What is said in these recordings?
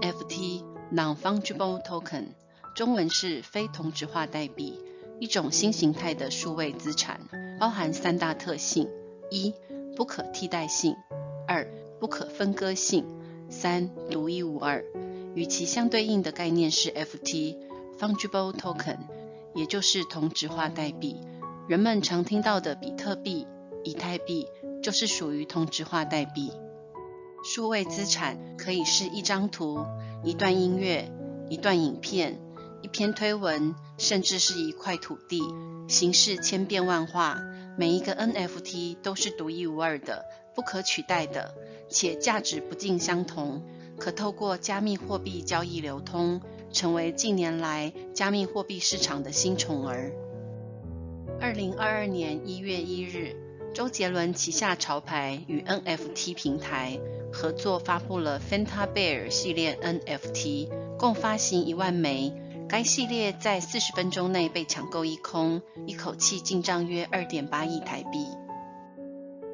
FT Non-Fungible Token，中文是非同質化代幣，一種新型態的數位資產，包含三大特性：一、不可替代性；二、不可分割性；三、獨一無二。與其相對應的概念是 FT Fungible Token，也就是同質化代幣。人們常聽到的比特幣、以太幣就是屬於同質化代幣。數位資產可以是一張圖、一段音樂、一段影片、一篇推文，甚至是一塊土地，形式千變萬化。每一個 NFT 都是獨一無二的、不可取代的，且價值不盡相同。可透過加密貨幣交易流通，成為近年來加密貨幣市場的新寵兒。二零二二年一月一日。周杰倫旗下潮牌與 NFT 平台合作發布了 Fanta Bear 系列 NFT，共發行一萬枚，該系列在四十分鐘內被搶購一空，一口氣進賬約二點八億台幣。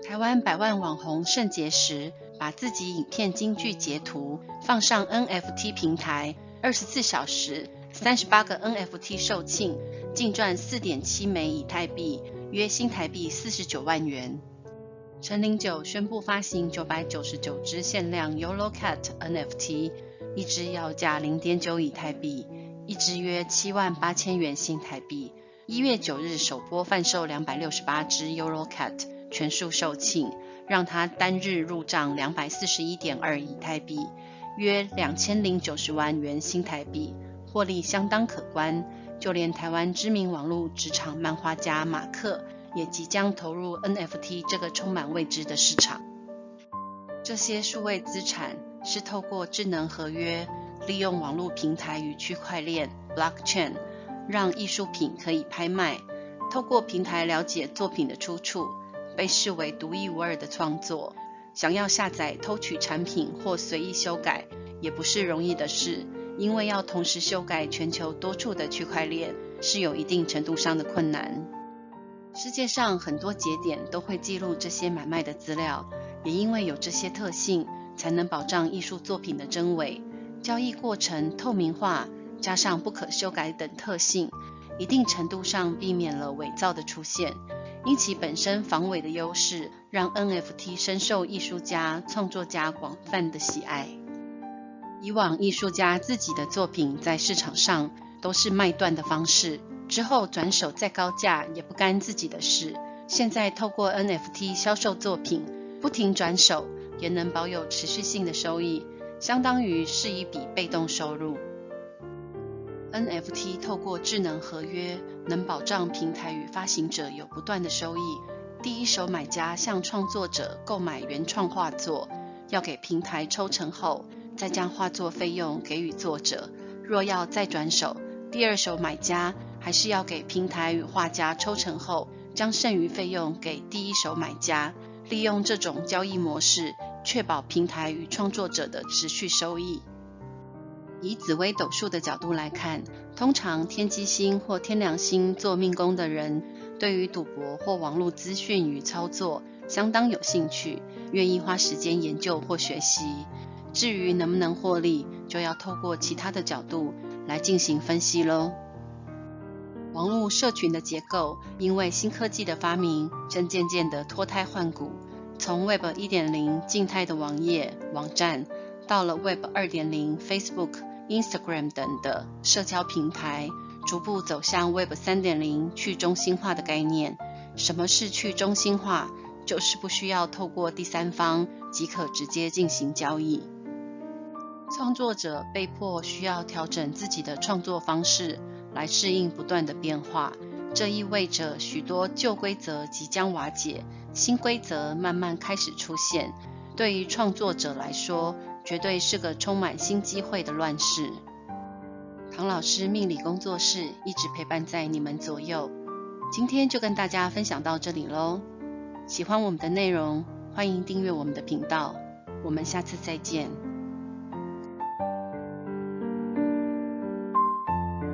台灣百萬網紅聖結石把自己影片金句截圖放上 NFT 平台，二十四小時三十八個 NFT 售罄，淨賺四點七枚以太幣。約新台幣四十九萬元。陳零九宣布發行九百九十九支限量 Yolo Cat NFT，一支要價零點九以太幣，一支約七萬八千元新台幣。一月九日首波販售兩百六十八隻 Yolo Cat，全數售罄，讓他單日入賬兩百四十一點二以太幣，約兩千零九十萬元新台幣，獲利相當可觀。就連台灣知名網絡職場漫畫家馬克也即將投入 NFT 這個充滿未知的市場。這些數位資產是透過智能合約，利用網絡平台與區塊鏈 （blockchain） 讓藝術品可以拍賣，透過平台了解作品的出處，被視為獨一無二的創作。想要下載、偷取產品或隨意修改，也不是容易的事。因為要同時修改全球多處的區塊鏈，是有一定程度上的困難。世界上很多節點都會記錄這些買賣的資料，也因為有這些特性，才能保障藝術作品的真偽。交易過程透明化，加上不可修改等特性，一定程度上避免了偽造的出現。因其本身防偽的優勢，讓 NFT 深受藝術家、創作家廣泛的喜愛。以往藝術家自己的作品在市場上都是賣斷的方式，之後轉手再高價也不乾自己的事。現在透過 NFT 銷售作品，不停轉手也能保有持續性的收益，相當於是一筆被動收入。NFT 透過智能合約能保障平台與發行者有不斷的收益。第一手買家向創作者購買原創畫作，要給平台抽成後。再將畫作費用給予作者。若要再轉手，第二手買家還是要給平台與畫家抽成後，將剩餘費用給第一手買家。利用這種交易模式，確保平台與創作者的持續收益。以紫微斗數的角度來看，通常天機星或天梁星做命宮的人，對於賭博或網絡資訊與操作相當有興趣，願意花時間研究或學習。至於能不能獲利，就要透過其他的角度來進行分析嘍。網絡社群的結構，因為新科技的發明，正漸漸地脫胎換骨。從 Web 1.0靜態的網頁網站，到了 Web 2.0 Facebook、Instagram 等的社交平台，逐步走向 Web 3.0去中心化的概念。什麼是去中心化？就是不需要透過第三方即可直接進行交易。創作者被迫需要調整自己的創作方式，來適應不斷的變化。這意味着許多舊規則即將瓦解，新規則慢慢開始出現。對於創作者來說，絕對是個充滿新機會的亂世。唐老師命理工作室一直陪伴在你們左右。今天就跟大家分享到這裡嘍。喜歡我們的內容，歡迎訂閱我們的頻道。我們下次再見。